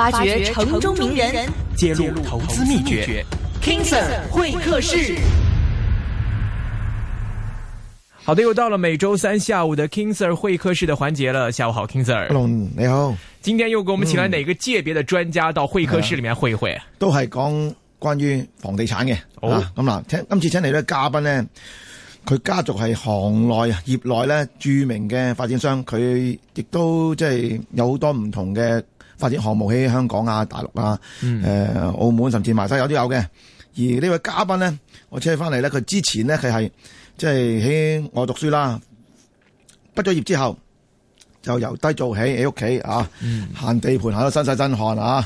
挖掘城中名人，揭露投資秘訣。King Sir 會客室。好的，又到了每周三下午的 King Sir 會客室的環節了。下午好，King Sir。Hello, 你好，今天又給我們請來、嗯、哪個界別的專家到會客室裏面會一會？都係講關於房地產嘅。好哦，咁嗱，今次請嚟咧嘉賓呢，佢家族係行內、業內咧著名嘅發展商，佢亦都即係有好多唔同嘅。.發展項目喺香港啊、大陸啊、誒澳門甚至埋西亞都有嘅。而呢位嘉賓呢，我請佢返嚟咧，佢之前呢，佢係即係喺我讀書啦，畢咗業之後就由低做起喺屋企啊，行地盤行到身水身汗啊，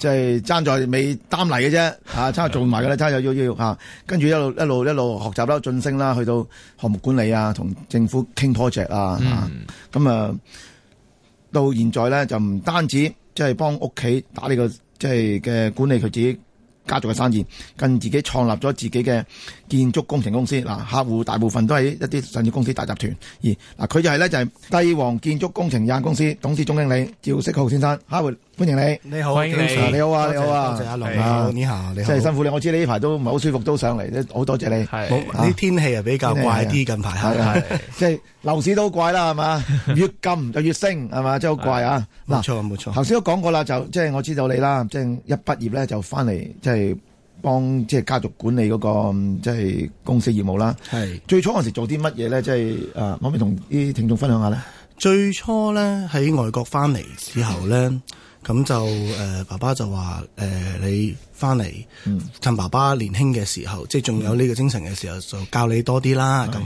即係爭在未擔泥嘅啫嚇，爭做埋嘅啦，差又要要嚇，跟住一路一路一路，一路學習啦、晉升啦，去到項目管理啊、同政府傾 project 啊，咁啊，到現在咧就唔單止。即係幫屋企打呢個即係嘅管理佢自己家族嘅生意，跟自己創立咗自己嘅建築工程公司嗱，客戶大部分都係一啲上市公司大集團而嗱，佢就係咧就係帝皇建築工程有限公司董事總經理趙式浩先生，哈！歡迎你，你好，歡迎你，你好啊，你好啊，多謝阿龍啊，年下你好，真係辛苦你，我知你呢排都唔係好舒服，都上嚟，好多謝你。係，啲天氣啊比較怪啲，近排即係樓市都好怪啦，係嘛？越禁就越升，係嘛？真係好怪啊。冇錯，冇錯。頭先都講過啦，就即係我知道你啦，即係一畢業咧就翻嚟，即係幫即係家族管理嗰個即係公司業務啦。係。最初嗰時做啲乜嘢咧？即係誒，可唔可以同啲聽眾分享下咧。最初咧喺外國翻嚟之後咧。咁就誒、呃，爸爸就話誒、呃，你翻嚟、嗯、趁爸爸年輕嘅時候，即係仲有呢個精神嘅時候，就教你多啲啦。咁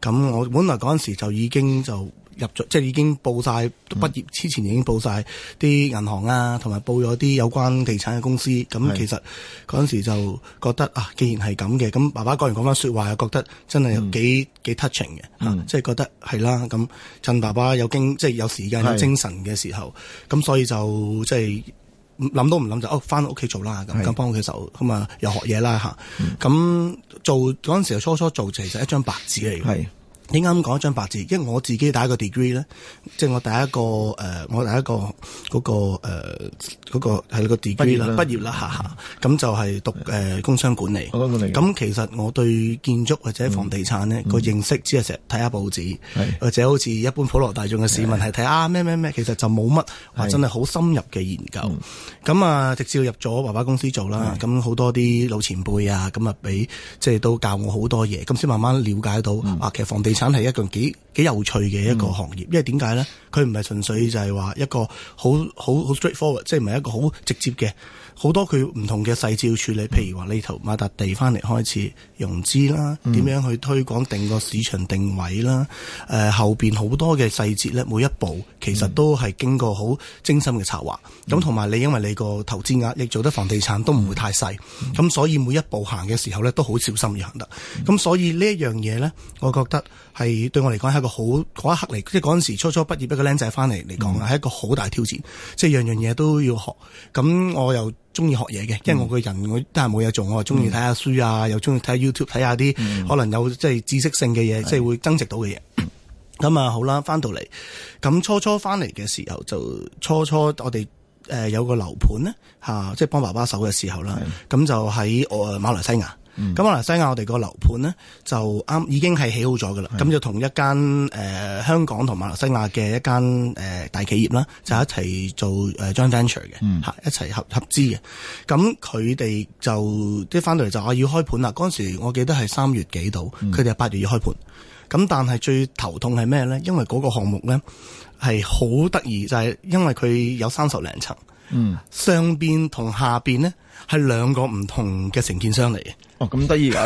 咁、嗯，我本來嗰陣時就已經就。入咗即係已經報晒，畢業之前已經報晒啲銀行啊，同埋報咗啲有關地產嘅公司。咁是的 其實嗰陣時就覺得啊，既然係咁嘅，咁爸爸個人講翻説話又覺得真係有幾幾 touching 嘅，即係覺得係啦。咁趁爸爸有經即係有時間有是的 精神嘅時候，咁所以就即係諗都唔諗就，哦，翻屋企做啦。咁咁幫佢手咁啊，又學嘢啦嚇。咁做嗰陣時初初做，其實一張白紙嚟。你啱講一張白紙，因為我自己第一個 degree 咧，即係我第一個誒，uh, 我第一個嗰、嗰個誒嗰、uh, 嗰個係個 degree 啦，畢業啦嚇，咁就係讀誒的、呃、工商管理，咁其實我對建築或者房地產呢個認識，只係成日睇下報紙，的或者好似一般普羅大眾嘅市民係睇的啊咩咩咩，其實就冇乜話真係好深入嘅研究。咁啊的，嗯、直接入咗爸爸公司做啦，咁好多啲老前輩啊，咁啊俾即係都教我好多嘢，咁先慢慢了解到啊，其實房地產係一個幾幾有趣嘅一個行業，因為點解咧？佢唔係純粹就係話一個好好好 straightforward，即係唔係一個好直接嘅。好多佢唔同嘅細節要處理，譬如話你頭買笪地翻嚟開始融資啦，點樣去推廣、定個市場定位啦，誒、嗯呃、後邊好多嘅細節咧，每一步其實都係經過好精心嘅策劃。咁同埋你因為你個投資額你做得房地產都唔會太細，咁、嗯、所以每一步行嘅時候咧都好小心要行得。咁、嗯、所以一呢一樣嘢咧，我覺得係對我嚟講係一個好嗰一刻嚟，即係嗰陣時初初畢業一個僆仔翻嚟嚟講啊，係一個好大挑戰，即係樣樣嘢都要學。咁我又中意學嘢嘅，因為我個人我都係冇嘢做，我係中意睇下書啊，嗯、又中意睇 YouTube 睇下啲可能有即係知識性嘅嘢，的即係會增值到嘅嘢。咁啊的好啦，翻到嚟咁初初翻嚟嘅時候就初初我哋誒、呃、有個樓盤咧吓，即係幫爸爸手嘅時候啦，咁的就喺、呃、馬來西亞。咁、嗯、馬來西亞我哋個樓盤呢，就啱已經係起好咗噶啦，咁的就同一間誒、呃、香港同馬來西亞嘅一間誒、呃、大企業啦，就一齊做誒 joint venture 嘅，吓、呃嗯、一齊合合資嘅。咁佢哋就即係翻到嚟就話要開盤啦。嗰陣時我記得係三月幾度，佢哋係八月要開盤。咁但係最頭痛係咩呢？因為嗰個項目呢，係好得意，就係、是、因為佢有三十零層，嗯，上邊同下邊呢。係兩個唔同嘅承建商嚟嘅，哦，咁得意啊！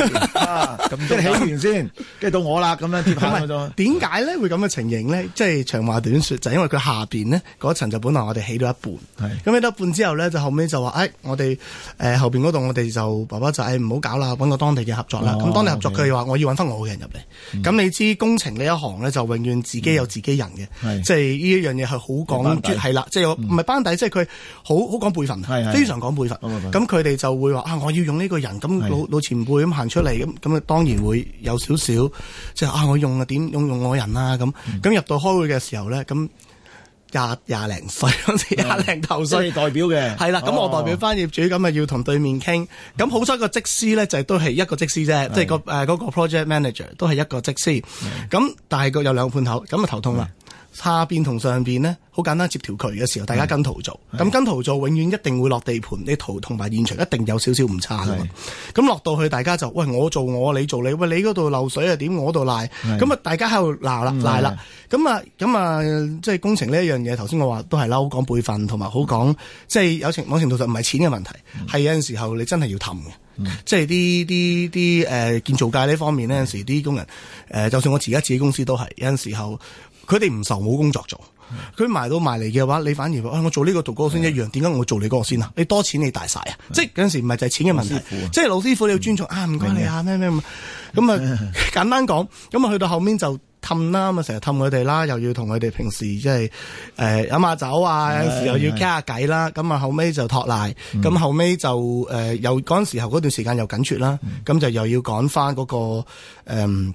即係起完先，跟住到我啦，咁樣接下咪點解咧會咁嘅情形呢？即係長話短說就係因為佢下邊呢嗰層就本來我哋起到一半，咁起到一半之後呢，就後尾就話誒，我哋誒後邊嗰度我哋就爸爸就誒唔好搞啦，揾個當地嘅合作啦。咁當地合作佢又話我要揾翻我嘅人入嚟。咁你知工程呢一行呢，就永遠自己有自己人嘅，即係呢一樣嘢係好講係啦，即係唔係班底，即係佢好好講輩份，非常講輩份。咁佢哋就會話啊，我要用呢個人，咁老老前輩咁行出嚟，咁咁啊，當然會有少少，即係啊，我用啊點用用我人啦，啊，咁咁入到開會嘅時候咧，咁廿廿零歲，嗰時廿零頭所以代表嘅係啦，咁 了、哦、我代表翻業主，咁啊要同對面傾，咁好彩個職司呢，就都係一個職司啫，即係的個誒嗰個 project manager 都係一個職司，咁的大概有兩半頭，咁啊頭痛啦。下邊同上邊呢，好簡單接條渠嘅時候，大家跟圖做。咁跟圖做，永遠一定會落地盤啲圖同埋現場，一定有少少唔差嘅。咁落到去，大家就喂，我做我，你做你。喂，你嗰度漏水啊點，我度瀨。咁啊，大家喺度鬧啦，瀨啦。咁啊咁啊，即係工程呢一樣嘢。頭先我話都係撈，講輩份同埋好講，即係有情某程度上唔係錢嘅問題，係有陣時候你真係要氹嘅。即係啲啲啲誒，建造界呢方面咧，有時啲工人誒，就算我自己自己公司都係有陣時候，佢哋唔愁冇工作做，佢埋到埋嚟嘅話，你反而話我做呢個讀嗰個先一樣，點解我做你嗰個先啊？你多錢你大晒啊！即係嗰時唔係就係錢嘅問題，即係老師傅你要尊重啊，唔該你啊，咩咩咁啊？簡單講，咁啊去到後面就氹啦，咁啊成日氹佢哋啦，又要同佢哋平時即係誒飲下酒啊，有時又要傾下偈啦，咁啊後尾就托賴，咁後尾就誒又嗰陣時候嗰段時間又緊缺啦，咁就又要趕翻嗰個誒。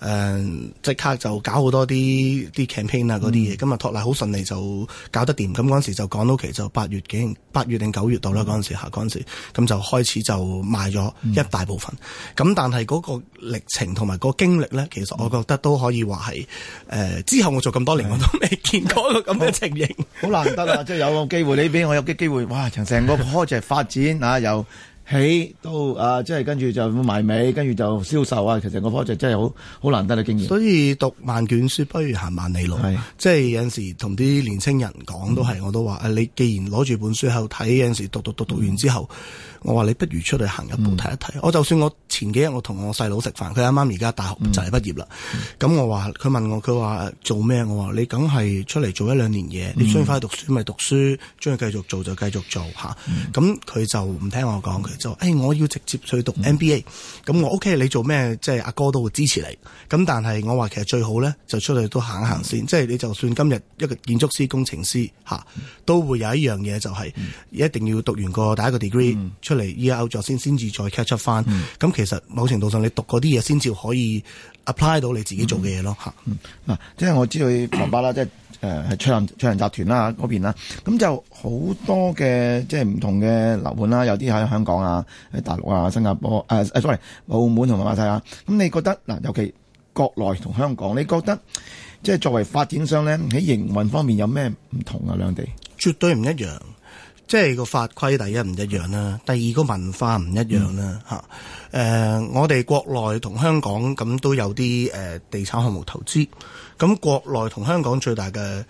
誒即、呃、刻就搞好多啲啲 campaign 啊嗰啲嘢，咁啊、嗯、托賴好順利就搞得掂，咁嗰陣時就講到期就八月幾，八月定九月度啦嗰陣時嚇，嗰時咁就開始就賣咗一大部分，咁、嗯、但係嗰個歷程同埋個經歷呢，其實我覺得都可以話係誒之後我做咁多年的我都未見過一個咁嘅情形，好 難得啊！即、就、係、是、有個機會， 你俾我有啲機會，哇！成個 project 發展啊又～起都，啊，即係跟住就埋尾，跟住就銷售啊。其實我 project 真係好好難得嘅經驗。所以讀萬卷書不如行萬里路。係即係有陣時同啲年青人講都係，我都話誒，你既然攞住本書喺度睇，有陣時讀讀讀讀完之後，我話你不如出嚟行一步睇一睇。我就算我前幾日我同我細佬食飯，佢啱啱而家大學就嚟畢業啦。咁我話佢問我，佢話做咩？我話你梗係出嚟做一兩年嘢，你中意翻去讀書咪讀書，中意繼續做就繼續做吓。咁佢就唔聽我講佢。就誒、欸，我要直接去讀 MBA，咁、嗯、我 O、OK, K，你做咩即係阿哥都會支持你。咁但係我話其實最好咧，就出去都行一行先。嗯、即係你就算今日一個建築師、工程師嚇、啊，都會有一樣嘢就係一定要讀完個第一個 degree、嗯、出嚟，依家 out 咗先先至再 catch 出翻。咁其實某程度上你讀嗰啲嘢先至可以 apply 到你自己做嘅嘢咯嚇。嗱、啊嗯啊，即係我知道你爸爸啦， 即係。誒係卓能卓能集團啦，嗰邊啦，咁就好多嘅即係唔同嘅樓盤啦，有啲喺香港啊，喺大陸啊，新加坡誒誒，sorry，澳門同埋馬來西亞。咁你覺得嗱，尤其國內同香港，你覺得即係作為發展商咧，喺營運方面有咩唔同啊？兩地絕對唔一樣，即係個法規第一唔一樣啦，第二個文化唔一樣啦嚇。誒，我哋國內同香港咁都有啲誒地產項目投資。咁國內同香港最大嘅誒，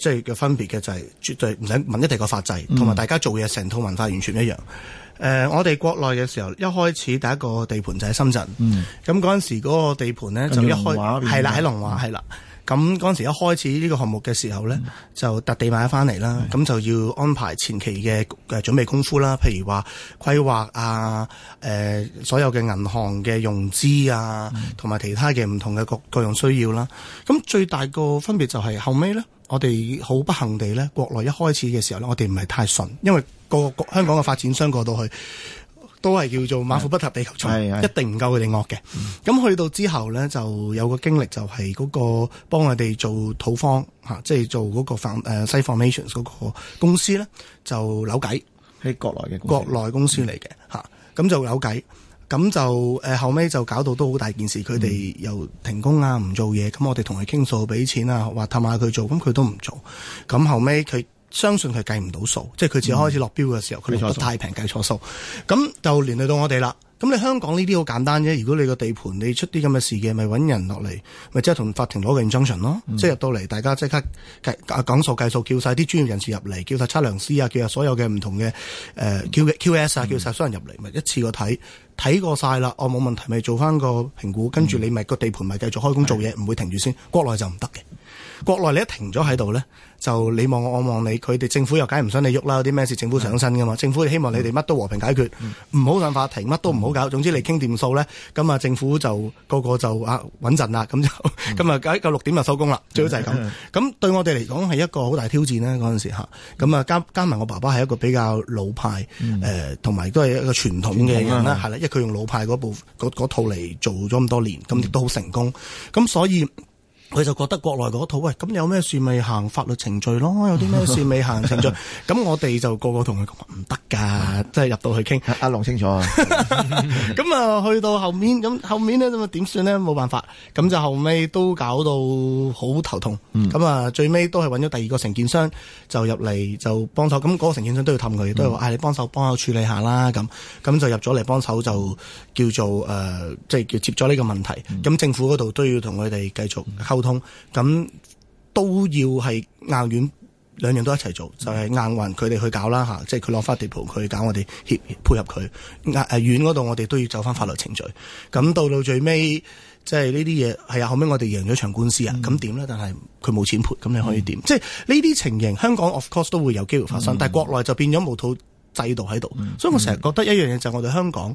即係嘅分別嘅就係絕對唔使問一地個法制，同埋、嗯、大家做嘢成套文化完全一樣。誒、呃，我哋國內嘅時候一開始第一個地盤就喺深圳，咁嗰陣時嗰個地盤咧就一開係啦喺龍華，係啦。咁嗰陣時一開始呢個項目嘅時候呢，嗯、就特地買咗翻嚟啦，咁是的 就要安排前期嘅誒、呃、準備功夫啦，譬如話規劃啊，誒、呃、所有嘅銀行嘅融資啊，同埋、嗯、其他嘅唔同嘅各各樣需要啦。咁最大個分別就係後尾呢，我哋好不幸地呢，國內一開始嘅時候呢，我哋唔係太順，因為各個、各個香港嘅發展商過到去。都係叫做馬虎不踏地球桌，一定唔夠佢哋惡嘅。咁、嗯、去到之後呢，就有個經歷，就係嗰個幫我哋做土方吓、啊，即係做嗰個誒、啊，site formation 嗰個公司呢，就扭計。喺國內嘅國內公司嚟嘅吓，咁、嗯啊、就扭計，咁就誒、啊、後尾就搞到都好大件事，佢哋、嗯、又停工啊，唔做嘢。咁我哋同佢傾訴，俾錢啊，話凼下佢做，咁佢都唔做。咁後尾佢。相信佢計唔到數，即係佢自己開始落標嘅時候，佢哋得太平計錯數，咁錯就連累到我哋啦。咁你香港呢啲好簡單啫，如果你個地盤你出啲咁嘅事嘅，咪揾人落嚟，咪即係同法庭攞個 injunction 咯、嗯。即係入到嚟，大家即刻計、啊、講數計數，叫晒啲專業人士入嚟，叫晒測量師啊，叫晒所有嘅唔、呃嗯、同嘅誒、呃、Q Q S, Q S 啊， 嗯、 叫晒所有人入嚟，咪一次過睇睇過晒啦，我、哦、冇問題，咪做翻個評估，跟住你咪個、嗯、地盤咪繼續開工做嘢，唔的的會停住先。國內就唔得嘅。國內你一停咗喺度呢，就你望我，我望你，佢哋政府又梗係唔想你喐啦，有啲咩事？政府上身㗎嘛，政府希望你哋乜都和平解決，唔好諗法庭，乜都唔好搞。嗯、總之你傾掂數呢，咁啊政府就個個就啊穩陣啦，咁就咁啊，喺夠六點就收工啦。最好就係咁。咁、嗯、對我哋嚟講係一個好大挑戰呢。嗰陣時吓，咁啊加加埋我爸爸係一個比較老派誒，同埋都係一個傳統嘅人啦，係啦、嗯嗯嗯，因為佢用老派嗰部嗰套嚟做咗咁多年，咁亦都好成功。咁所以。佢就覺得國內嗰套，喂，咁有咩事咪行法律程序咯，有啲咩事未行程序。咁 我哋就個個同佢講唔得㗎，即係入到去傾阿龍清楚啊。咁、 嗯、啊，去到後面，咁後面咧，咁啊點算咧？冇辦，辦法，咁、嗯、就、嗯、後尾都搞到好頭痛。咁啊、嗯、最尾都係揾咗第二個承建商就入嚟，就幫手。咁、那個承建商都要氹佢，都係話，唉，你幫手幫手處理下啦。咁咁就入咗嚟幫手，就叫做誒、呃、即係叫接咗呢個問題咁、嗯嗯、政府度都要同佢哋繼續。普通咁都要係硬軟兩樣都一齊做，就係、是、硬還佢哋去搞啦吓、嗯啊，即係佢攞翻地盤，佢去搞我哋協配合佢，硬誒軟嗰度我哋都要走翻法律程序。咁到到最尾，即係呢啲嘢係啊，後尾我哋贏咗場官司啊，咁點咧？但係佢冇錢賠，咁你可以點？嗯、即係呢啲情形，香港 of course 都會有機會發生，嗯、但係國內就變咗冇套制度喺度，所以我成日覺得一樣嘢就係我哋香港。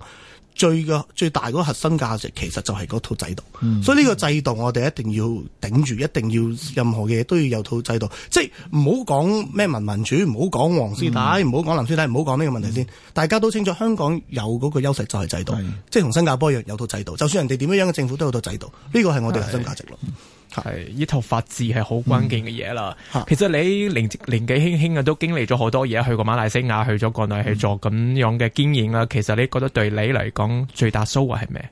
最個最大嗰核心價值其實就係嗰套制度，嗯、所以呢個制度我哋一定要頂住，一定要任何嘢都要有套制度，即係唔好講咩民民主，唔好講黃絲帶，唔好講藍絲帶，唔好講呢個問題先。嗯、大家都清楚，香港有嗰個優勢就係制度，嗯、即係同新加坡一樣有套制度。就算人哋點樣嘅政府都有套制度，呢、這個係我哋核心價值咯。嗯嗯係呢套法治係好關鍵嘅嘢啦。嗯、其實你年年紀輕輕啊，都經歷咗好多嘢，去過馬來西亞，去咗國內去做咁樣嘅經驗啦。其實你覺得對你嚟講最大收穫係咩？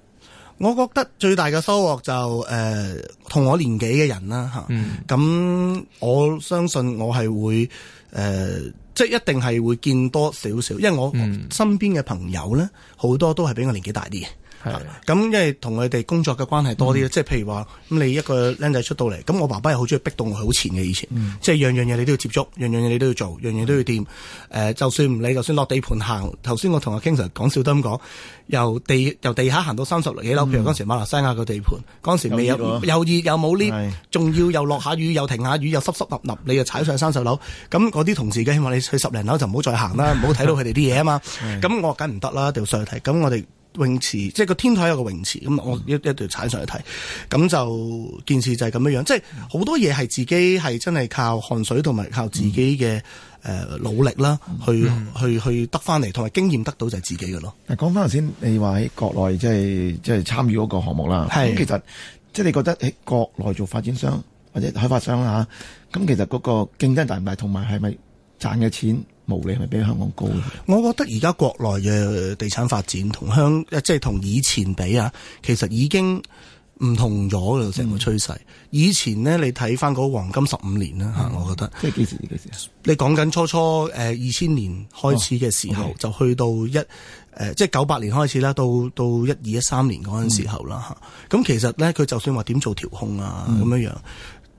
我覺得最大嘅收穫就誒、呃，同我年紀嘅人啦吓。咁、啊嗯、我相信我係會誒、呃，即係一定係會見多少少，因為我身邊嘅朋友咧，好多都係比我年紀大啲嘅。係啦，咁因為同佢哋工作嘅關係多啲咯，即係譬如話，咁你一個僆仔出到嚟，咁我爸爸又好中意逼到我好前嘅，以前，即係樣樣嘢你都要接觸，樣樣嘢你都要做，樣樣都要掂。誒，就算唔理，就算落地盤行，頭先我同阿 King Sir 講笑都咁講，由地由地下行到三十幾樓，譬如嗰時馬來西亞個地盤，嗰時未有又熱又冇呢，仲要又落下雨又停下雨又濕濕立立，你又踩上三十樓，咁嗰啲同事嘅希望，你去十零樓就唔好再行啦，唔好睇到佢哋啲嘢啊嘛。咁我梗唔得啦，掉上去睇。咁我哋。泳池，即係個天台有個泳池，咁、嗯、我一一條踩上去睇，咁、嗯、就件事就係咁樣樣，嗯、即係好多嘢係自己係真係靠汗水同埋靠自己嘅誒、嗯呃、努力啦、嗯，去去去得翻嚟，同埋、嗯、經驗得到就係自己嘅咯。講翻頭先，你話喺國內即係即係參與嗰個項目啦，係是其實即係、就是、你覺得喺國內做發展商或者開發商啦吓，咁其實嗰個競爭大唔大，同埋係咪賺嘅錢？毛利係比香港高嘅。我覺得而家國內嘅地產發展同香，即係同以前比啊，其實已經唔同咗嘅成個趨勢。嗯、以前呢，你睇翻嗰個黃金十五年啦吓，嗯、我覺得。嗯、即係幾時？幾時你講緊初初誒二千年開始嘅時候，哦 okay。就去到一誒、呃，即係九八年開始啦，到到一二一三年嗰陣時候啦吓。咁、嗯嗯、其實呢，佢就算話點做調控啊，咁樣樣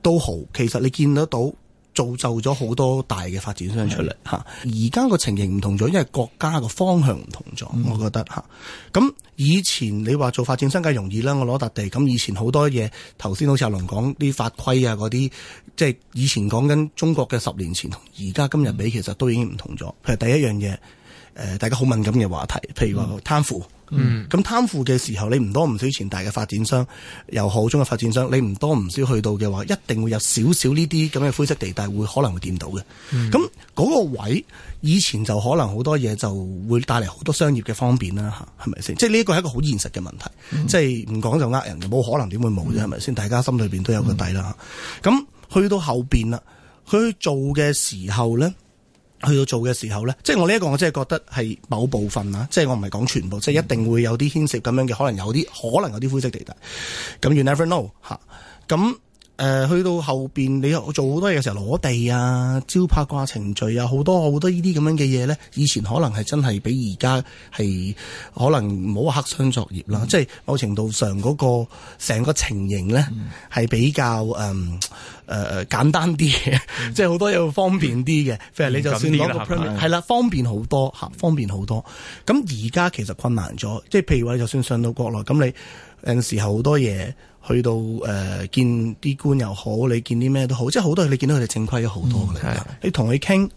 都好，其實你見得到。造就咗好多大嘅發展商出嚟嚇，而家個情形唔同咗，因為國家個方向唔同咗，我覺得嚇。咁、嗯、以前你話做發展商梗容易啦，我攞笪地。咁以前多好多嘢，頭先好似阿龍講啲法規啊嗰啲，即係以前講緊中國嘅十年前同而家今日比，其實都已經唔同咗。譬如第一樣嘢，誒、呃，大家好敏感嘅話題，譬如話貪腐。嗯，咁貪腐嘅時候，你唔多唔少前大嘅發展商，又好中嘅發展商，你唔多唔少去到嘅話，一定會有少少呢啲咁嘅灰色地帶會，會可能會掂到嘅。咁嗰、嗯、個位以前就可能好多嘢，就會帶嚟好多商業嘅方便啦，嚇，係咪先？即係呢一個係一個好現實嘅問題，即係唔講就呃人，冇可能點會冇啫，係咪先？大家心裏邊都有個底啦。咁、嗯、去到後邊啦，佢做嘅時候咧。去到做嘅時候咧，即係我呢一個，我真係覺得係某部分啊，即係我唔係講全部，即係一定會有啲牽涉咁樣嘅，可能有啲可能有啲灰色地帶，咁 you never know 吓，咁。誒、呃，去到後邊你做好多嘢嘅時候，攞地啊、招拍掛程序啊，好多好多呢啲咁樣嘅嘢呢。以前可能係真係比而家係可能冇黑箱作業啦，嗯、即係某程度上嗰、那個成個情形呢係、嗯、比較誒誒、嗯呃、簡單啲，嗯、即係好多嘢會方便啲嘅。譬如 你就算攞個 permit，係啦，方便好多，方便好多。咁而家其實困難咗，即係譬如話，就算上到國內，咁你有陣時候好多嘢。去到誒、呃、見啲官又好，好，你見啲咩都好，即係好多你見到佢哋正規咗好多㗎，你同佢傾，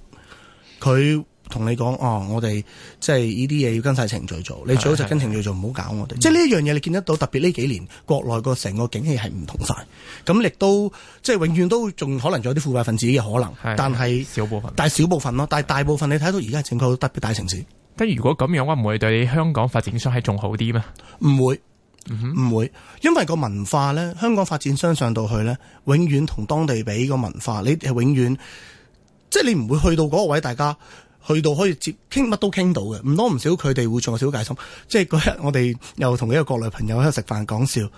佢同你講：哦，我哋即係呢啲嘢要跟晒程序做，的你最好就跟程序做，唔好的搞我哋。嗯、即係呢一樣嘢，你見得到特別呢幾年國內個成個景氣係唔同曬，咁亦都即係永遠都仲可能仲有啲腐敗分子嘅可能，的但係是小，小部分，但係少部分咯，但係大部分你睇到而家正確特別大城市。咁如果咁樣嘅話，唔會對香港發展上係仲好啲咩？唔會。唔、嗯、會，因為個文化呢，香港發展商上到去呢，永遠同當地比個文化，你係永遠，即、就、係、是、你唔會去到嗰個位，大家去到可以接傾乜都傾到嘅，唔多唔少佢哋會做有少戒心，即係嗰日我哋又同一個國內朋友喺度食飯講笑。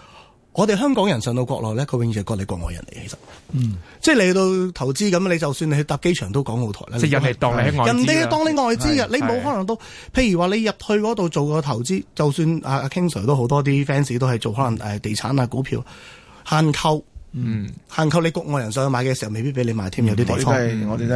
我哋香港人上到國內呢，佢永遠係國內國外人嚟，其實，嗯，即係嚟到投資咁，你就算你去搭機場都港澳台咧，即係入係當你外人，人哋係當你外資嘅，你冇可能都，譬如話你入去嗰度做個投資，就算阿阿 King Sir 都好多啲 fans 都係做可能誒地產啊股票，限購，嗯，限購你國外人上去買嘅時候，未必俾你買添，有啲地方，我哋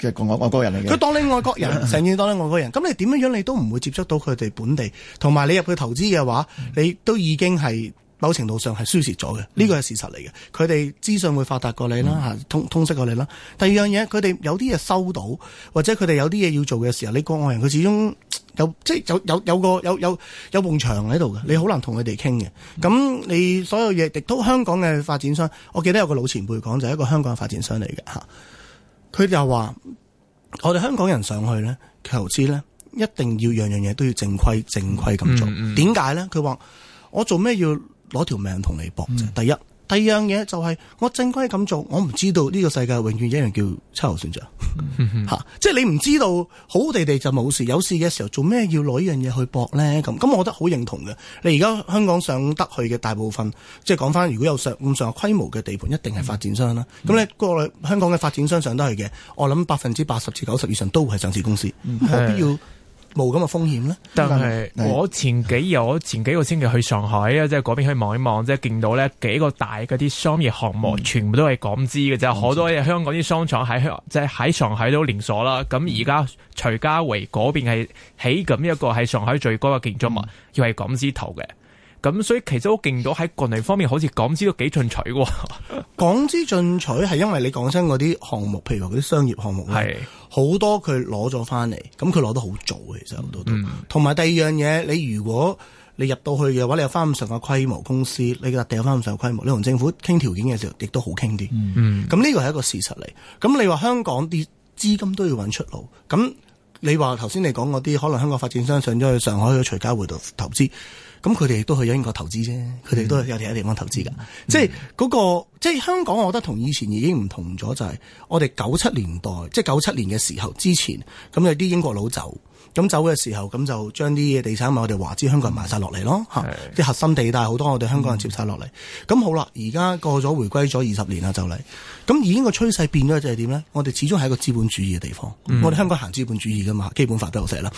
都係國外外國人嚟嘅，佢當你外國人，成日當你外國人，咁你點樣樣你都唔會接觸到佢哋本地，同埋你入去投資嘅話，你都已經係。某程度上係輸蝕咗嘅，呢個係事實嚟嘅。佢哋資訊會發達過你啦，哈、嗯，通通識過你啦。第二樣嘢，佢哋有啲嘢收到，或者佢哋有啲嘢要做嘅時候，你國外人佢始終有即係有有有個有有有埲牆喺度嘅，你好難同佢哋傾嘅。咁、嗯、你所有嘢，亦都香港嘅發展商，我記得有個老前輩講就係、是、一個香港嘅發展商嚟嘅嚇。佢就話：我哋香港人上去咧，求資咧，一定要樣樣嘢都要正規正規咁做。點解咧？佢話：我做咩要攞條命同你搏啫。第一，第二樣嘢就係、是、我正規咁做，我唔知道呢個世界永遠一樣叫秋後算賬吓， 即係你唔知道好地地就冇事，有事嘅時候做咩要攞呢樣嘢去搏呢？咁咁我覺得好認同嘅。你而家香港上得去嘅大部分，即係講翻如果有上咁上規模嘅地盤，一定係發展商啦。咁、嗯、你過去香港嘅發展商上得去嘅，我諗百分之八十至九十以上都係上市公司，好必要。冇咁嘅風險咧，但係我前幾日我前幾個星期去上海啊，即係嗰邊去望一望，即係見到咧幾個大嗰啲商業項目、嗯、全部都係港資嘅就啫，好資多香港啲商場喺香即係喺上海都連鎖啦。咁而家徐家匯嗰邊係起緊一個喺上海最高嘅建築物，又係、嗯、港資投嘅。咁所以其實好勁到喺國內方面，好似港資都幾進取喎。 港資進取係因為你講真嗰啲項目，譬如話嗰啲商業項目咧，好是多佢攞咗翻嚟，咁佢攞得好早，其實好多都。同埋、嗯、第二樣嘢，你如果你入到去嘅話，你有翻咁上下規模公司，你嘅地有翻咁上下規模，你同政府傾條件嘅時候，亦都好傾啲。嗯，咁呢個係一個事實嚟。咁你話香港啲資金都要揾出路，咁你話頭先你講嗰啲，可能香港發展商上咗去上海去徐家匯度投資，咁佢哋都去咗英國投資啫，佢哋都有其他地方投資噶。嗯、即係嗰、那個，即係香港，我覺得同以前已經唔同咗。就係、是、我哋九七年代，即係九七年嘅時候之前，咁有啲英國佬走，咁走嘅時候，咁就將啲嘢地產物我哋華資香港人買晒落嚟咯。嚇是，即、啊、核心地帶好多我哋香港人接晒落嚟。咁、嗯、好啦，而家過咗回歸咗二十年啦，就嚟咁已經個趨勢變咗就係點咧？我哋始終係一個資本主義嘅地方，嗯、我哋香港行資本主義噶嘛，基本法都有寫啦。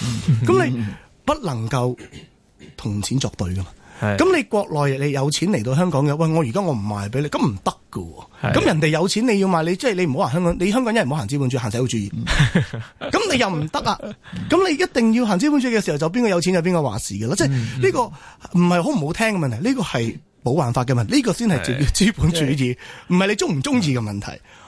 咁你不能夠。同錢作對噶嘛。咁是的 你國內你有錢嚟到香港嘅，喂，我而家我唔賣俾你，咁唔得噶。咁是的 人哋有錢你要賣，你即係你唔好話香港，你香港一係唔好行資本主義，行社會主義。咁 你又唔得啊。咁 你一定要行資本主義嘅時候，就邊個有錢就邊個話事噶啦。即係呢、嗯、個唔係好唔好聽嘅問題，呢、這個係冇辦法嘅問題，呢、這個先係叫資本主義，唔係的你中唔中意嘅問題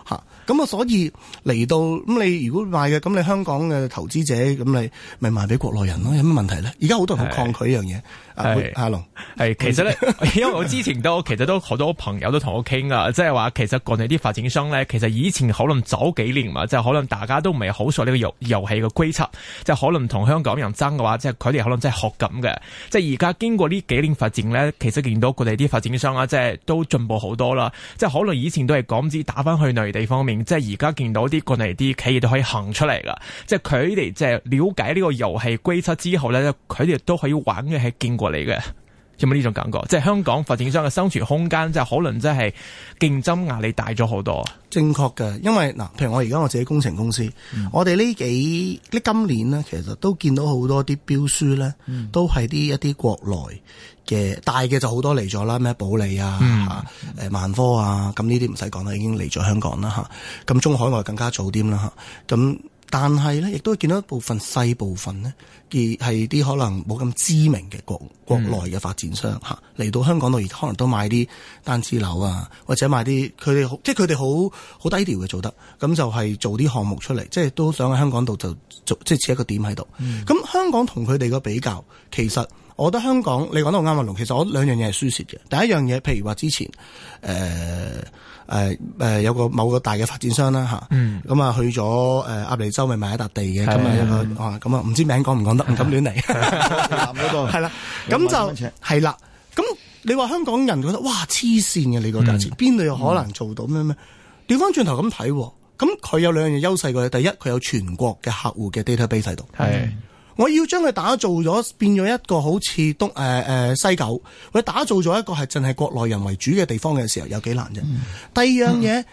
吓。的咁啊，所以嚟到咁你如果賣嘅，咁你香港嘅投資者咁你咪賣俾國內人咯？有咩問題咧？而家好多人去抗拒呢樣嘢。係，阿龍，係，其實咧， 因為我之前都，其實都好多朋友都同我傾啊，即係話，其實國內啲發展商咧，其實以前可能早幾年嘛，即係可能大家都唔係好熟呢個遊遊戲嘅規則，即係可能同香港人爭嘅話，即係佢哋可能真係學咁嘅。即係而家經過呢幾年發展咧，其實見到國內啲發展商啊，即係都進步好多啦。即係可能以前都係港資打翻去內地方面，即係而家見到啲國內啲企業都可以行出嚟啦。即係佢哋即係了解呢個遊戲規則之後咧，佢哋都可以玩嘅係見嚟嘅，有冇呢種感覺？即係香港發展商嘅生存空間，即係可能真係競爭壓力大咗好多。正確嘅，因為嗱，譬如我而家我自己工程公司，嗯、我哋呢幾呢今年呢，其實都見到好多啲標書咧，都係啲一啲國內嘅大嘅就好多嚟咗啦，咩保利啊，吓誒萬科啊，咁呢啲唔使講啦，已經嚟咗香港啦吓。咁中海外更加早啲啦吓。咁但係咧，亦都見到一部分細部分咧，而係啲可能冇咁知名嘅國國內嘅發展商嚇嚟，嗯啊、到香港度，可能都買啲單置樓啊，或者買啲佢哋，即係佢哋好好低調嘅做得，咁就係做啲項目出嚟，即係都想喺香港度就做，即係設一個點喺度。咁、嗯、香港同佢哋嘅比較，其實我覺得香港你講得啱啊，龍。其實我兩樣嘢係輸蝕嘅。第一樣嘢，譬如話之前誒。呃誒誒，有個某個大嘅發展商啦吓，咁、嗯呃、啊去咗誒鴨脷洲，咪買一笪地嘅，咁啊咁啊唔知名講唔講得，唔敢亂嚟，係啦、 啊，咁就係啦，咁你話香港人覺得哇黐線嘅你個價錢，邊度、嗯、有可能做到咩咩？調翻轉頭咁睇，咁佢有兩樣嘢優勢嘅，第一佢有全國嘅客戶嘅 database 喺度。我要將佢打造咗變咗一個好似東誒誒、呃呃、西九，或者打造咗一個係淨係國內人為主嘅地方嘅時候，有幾難啫。嗯、第二樣嘢，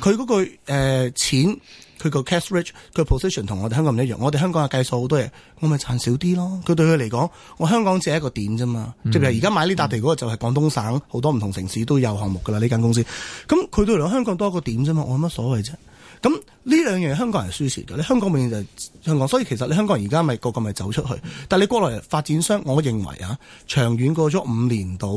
佢嗰句誒錢，佢個 cash rich 佢 position 同我哋香港唔一樣，我哋香港啊計數好多嘢，我咪賺少啲咯。佢對佢嚟講，我香港只係一個點啫嘛。嗯、即係而家買呢笪地嗰個就係廣東省好多唔同城市都有項目噶啦，呢間公司。咁、嗯、佢對嚟講，香港多一個點啫嘛，我冇乜所謂啫。咁呢兩樣香港人輸蝕嘅，你香港永遠就係、香港，所以其實你香港而家咪個個咪走出去，但係你國內發展商，我認為啊，長遠過咗五年到，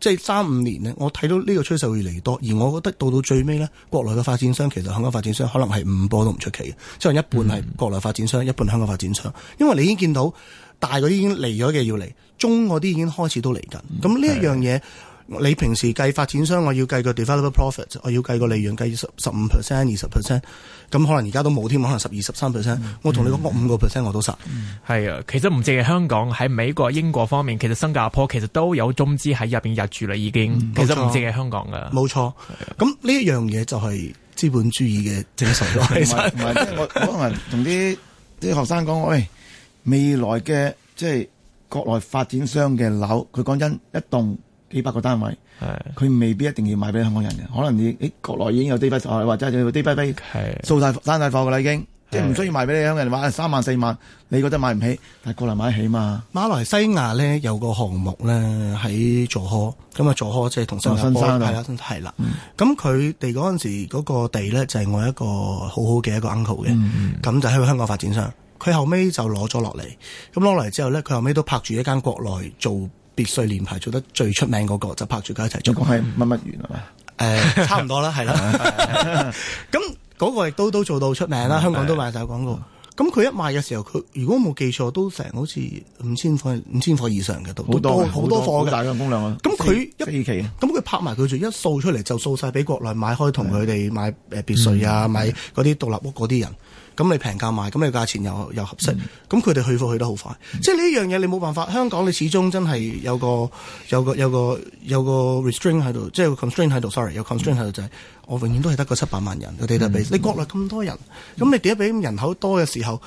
即係三五年呢，我睇到呢個趨勢會嚟多，而我覺得到到最尾呢，國內嘅發展商其實香港發展商可能係五五波都唔出奇嘅，即係一半係國內發展商，嗯、一半香港發展商，因為你已經見到大嗰啲已經嚟咗嘅要嚟，中嗰啲已經開始都嚟緊，咁呢一樣嘢。你平時計發展商，我要計個 developer profit，我要計個利潤，計十十五 percent、二十 percent，咁可能而家都冇添，可能十二十三 percent。嗯、我同你講，五個 percent 我都殺。係啊、嗯，其實唔淨係香港喺美國、英國方面，其實新加坡其實都有中資喺入邊入住啦，已經。嗯、其實唔淨係香港噶，冇錯。咁呢一樣嘢就係資本主義嘅精髓咯。其實同埋即係我可能同啲啲學生講，喂、哎，未來嘅即係國內發展商嘅樓，佢講真一棟。幾百個單位，佢的未必一定要賣俾香港人嘅，可能你誒國內已經有低批貨，或者係低批批掃曬攤曬貨㗎啦，已經，大貨已經的即係唔需要賣俾你香港人買。買三萬四萬，你覺得買唔起，但係過嚟買得起嘛？馬來西亞呢有個項目呢，喺佐科，咁啊佐科即係同新加坡係啦，係啦，咁佢哋嗰陣時嗰個地呢，就係、是、我一個好好嘅一個 uncle 嘅、嗯，咁、嗯、就喺香港發展商，佢後尾就攞咗落嚟，咁攞嚟之後呢，佢後尾都拍住一間國內做。別墅連排做得最出名嗰個就拍住佢一齊，總共係乜乜園係嘛？誒，差唔多啦，係啦。咁嗰個亦都都做到出名啦，香港都賣晒廣告。咁佢一賣嘅時候，佢如果冇記錯，都成好似五千方，五千方以上嘅都好多好多貨嘅大量供應啊！咁佢一期，咁佢拍埋佢，就一掃出嚟，就掃晒俾國內買開同佢哋買誒別墅啊，買嗰啲獨立屋嗰啲人。咁你平價賣，咁你價錢又又合適，咁佢哋去貨去得好快，嗯、即係呢樣嘢你冇辦法。香港你始終真係有個有個有個有個 restraint 喺度，即係有 constraint 喺度。sorry，有 constraint 喺度、嗯、就係我永遠都係得個七百萬人個 database。你國內咁多人，咁、嗯、你點比人口多嘅時候，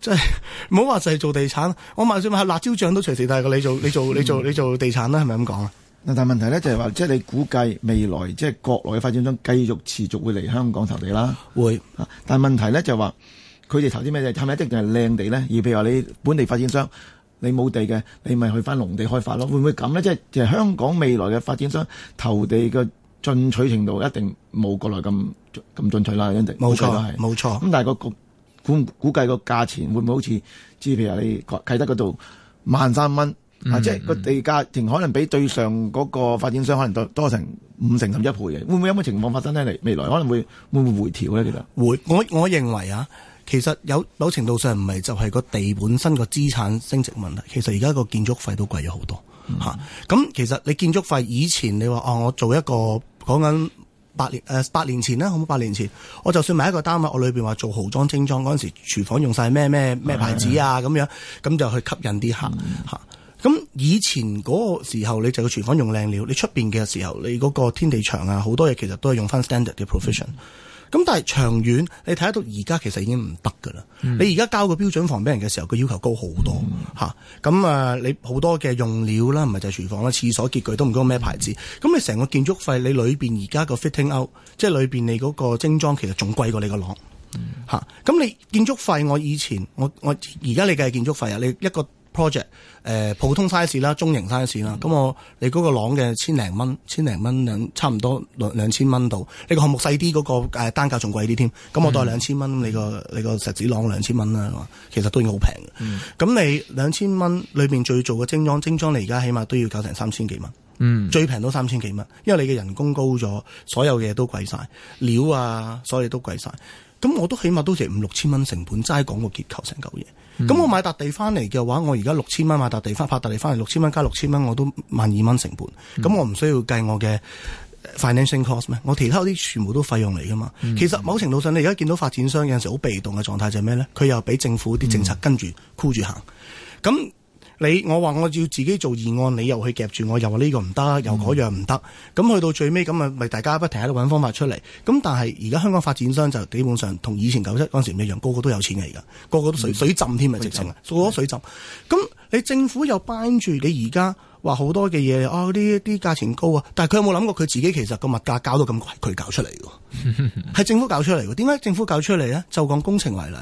即係唔好話就係做地產。我萬歲萬辣椒醬都隨時帶過你做，你做你做，你做，你，做，你，做，你，做你做地產啦，係咪咁講啊？但係問題咧就係話，即係你估計未來即係、就是、國內嘅發展商繼續持續會嚟香港投地啦。會，但係問題咧就係話、是，佢哋投啲咩嘢？係咪一定係靚地咧？而譬如話，你本地發展商你冇地嘅，你咪去翻農地開發咯。會唔會咁咧？即係其實香港未來嘅發展商投地嘅進取程度一定冇國內咁咁進取啦。一定冇錯，冇錯。咁但係、那個估估估計個價錢會唔會好似，即係譬如喺你啟德嗰度萬三蚊？啊！嗯、即係個地價，可能比對上嗰個發展商可能多多成五成甚至一倍嘅，會唔會有呢個情況發生呢？嚟，未來可能會會唔會回調呢？其實會，我我認為啊，其實有某程度上唔係就係個地本身個資產升值問題，其實而家個建築費都貴咗好多吓。咁、嗯啊、其實你建築費以前你話哦、啊，我做一個講緊八年誒、呃、八年前啦、啊，好冇八年前，我就算買一個單位，我裏邊話做豪裝精裝嗰陣時，廚房用晒咩咩咩牌子啊咁、嗯啊、樣，咁就去吸引啲客吓。嗯咁以前嗰個時候，你就個廚房用靚料，你出邊嘅時候，你嗰個天地牆啊，好多嘢其實都係用翻 standard 的 provision。咁但係長遠，你睇得到而家其實已經唔得噶啦。嗯、你而家交個標準房俾人嘅時候，佢要求高好多嚇。咁、嗯、啊，你好多嘅用料啦，唔係就係廚房啦，廁所潔具都唔知咩牌子。咁、嗯、你成個建築費，你裏邊而家個 fitting out，即係裏邊你嗰個精裝，其實仲貴過你個廊嚇。咁、嗯啊、你建築費，我以前我我而家你計建築費啊，你一個。Project 誒、呃、普通 size 啦，中型 size 啦、嗯，咁我你嗰個籠嘅千零蚊，千零蚊兩差唔多兩兩千蚊度。你個項目細啲，嗰、那個誒單價仲貴啲添。咁我當兩千蚊，你個你個石子籠兩千蚊啦。其實都已經好平。咁、嗯、你兩千蚊裏邊最做嘅精裝，精裝你而家起碼都要搞成三千幾蚊。嗯，最平都三千幾蚊，因為你嘅人工高咗，所有嘢都貴晒，料啊，所有嘢都貴晒。咁我都起碼都值五六千蚊成本，齋講個結構成嚿嘢。咁、嗯、我買笪地翻嚟嘅話，我而家六千蚊買笪地翻，拍笪地翻嚟六千蚊加六千蚊，我都萬二蚊成本。咁、嗯、我唔需要計我嘅 financing cost 咩？我其他啲全部都費用嚟噶嘛。嗯、其實某程度上，你而家見到發展商有陣時好被動嘅狀態，就係咩呢？佢又俾政府啲政策跟住箍住行，咁、嗯。你我話我要自己做議案，你又去夾住我，我又話呢個唔得，又嗰樣唔得。咁去、嗯、到最尾咁啊，咪大家不停喺度揾方法出嚟。咁但係而家香港發展商就基本上同以前九七嗰陣時唔一樣，個個都有錢嚟㗎，個個都水水浸添啊，直情啊，個個水浸。咁你 standard、really、政府又幫住你，而家話好多嘅嘢啊，呢啲價錢高啊，但係佢有冇諗過佢自己其實個物價搞到咁貴？佢搞出嚟嘅，係政府搞出嚟嘅。點解政府搞出嚟咧？就講工程嚟嚟，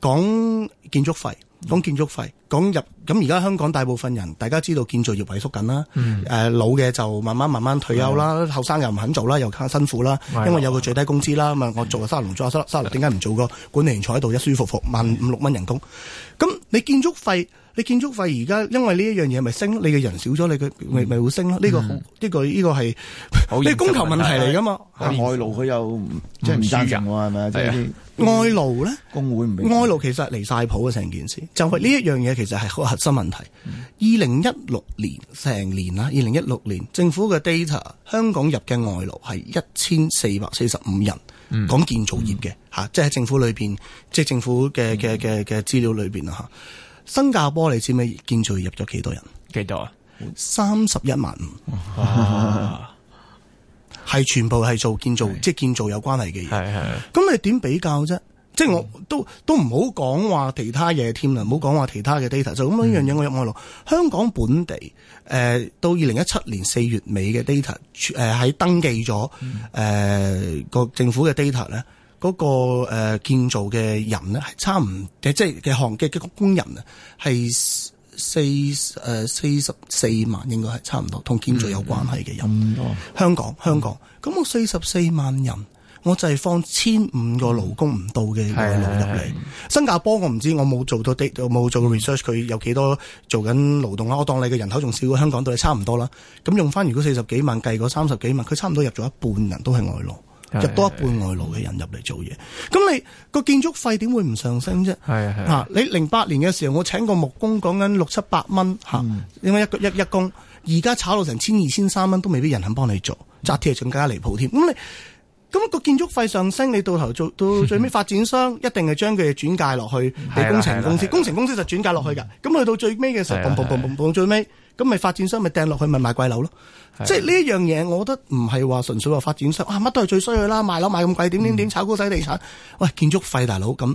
講建築費。講建築費，講入咁而家香港大部分人，大家知道建造業萎縮緊啦。誒，老嘅就慢慢慢慢退休啦，後生又唔肯做啦，又怕辛苦啦，因為有個最低工資啦。咁啊，我做下三樓做下三三樓，點解唔做個管理員坐喺度一舒服服，萬五六蚊人工。咁你建築費，你建築費而家因為呢一樣嘢，咪升，你嘅人少咗，你嘅咪咪會升咯？呢、嗯這個呢、這個呢、這個係 你供求問題嚟噶嘛？嗯、外勞佢又即係唔贊成喎，係咪？外勞咧，工會唔俾外勞，其實離晒譜啊！成件事、嗯、就係呢一樣嘢，其實係好核心問題。二零一六年成年啦，二零一六年政府嘅 data，香港入嘅外勞係一千四百四十五人。講建造業嘅吓，即係喺政府裏邊，即係政府嘅嘅嘅嘅資料裏邊啊吓。新加坡你知唔知建造業入咗幾多人？幾多啊？三十一萬五，係全部係做建造，即係建造有關係嘅嘢。係係。咁你點比較啫？即係我都都唔好講話其他嘢添啦，唔好講話其他嘅 data。就咁樣樣嘢我入去咯。香港本地誒、呃、到二零一七年四月尾嘅 data，誒、呃、喺登記咗誒個政府嘅 data 咧、那個，個、呃、誒建造嘅人咧係差唔，即係嘅行嘅嘅工人啊，係四誒四十四萬應該係差唔多，同建造有關係嘅人。咁多、嗯嗯嗯、香港、嗯、香港咁、嗯、我四十四萬人。我就係放千五個勞工唔到嘅外勞入嚟，是是是新加坡我唔知，我冇做到冇做過 research 佢有幾多做緊勞動啦。我當你嘅人口仲少過香港，對你差唔多啦。咁用翻如果四十幾萬計，嗰三十幾萬，佢差唔多入咗一半人都係外勞，是是是入多一半外勞嘅人入嚟做嘢。咁是你、那個建築費點會唔上升啫？係係是啊！你零八年嘅時候，我請個木工講緊六七百蚊吓，因、啊、為、嗯、一個一,一一工，而家炒到成千二千三蚊都未必人肯幫你做，紮鐵仲更加離譜添。咁你。咁個建築費上升，你到頭做到最尾發展商呵呵一定係將佢嘢，轉介落去俾工程公司，工程公司就轉介落去噶。咁去到最尾嘅時候，嘣最尾咁咪發展商咪掟落去咪賣貴樓咯。對即係呢一樣嘢，我覺得唔係話純粹話發展商啊乜都係最衰噶啦，賣樓賣咁貴，點點點炒高仔地產，嗯、喂建築費大佬咁、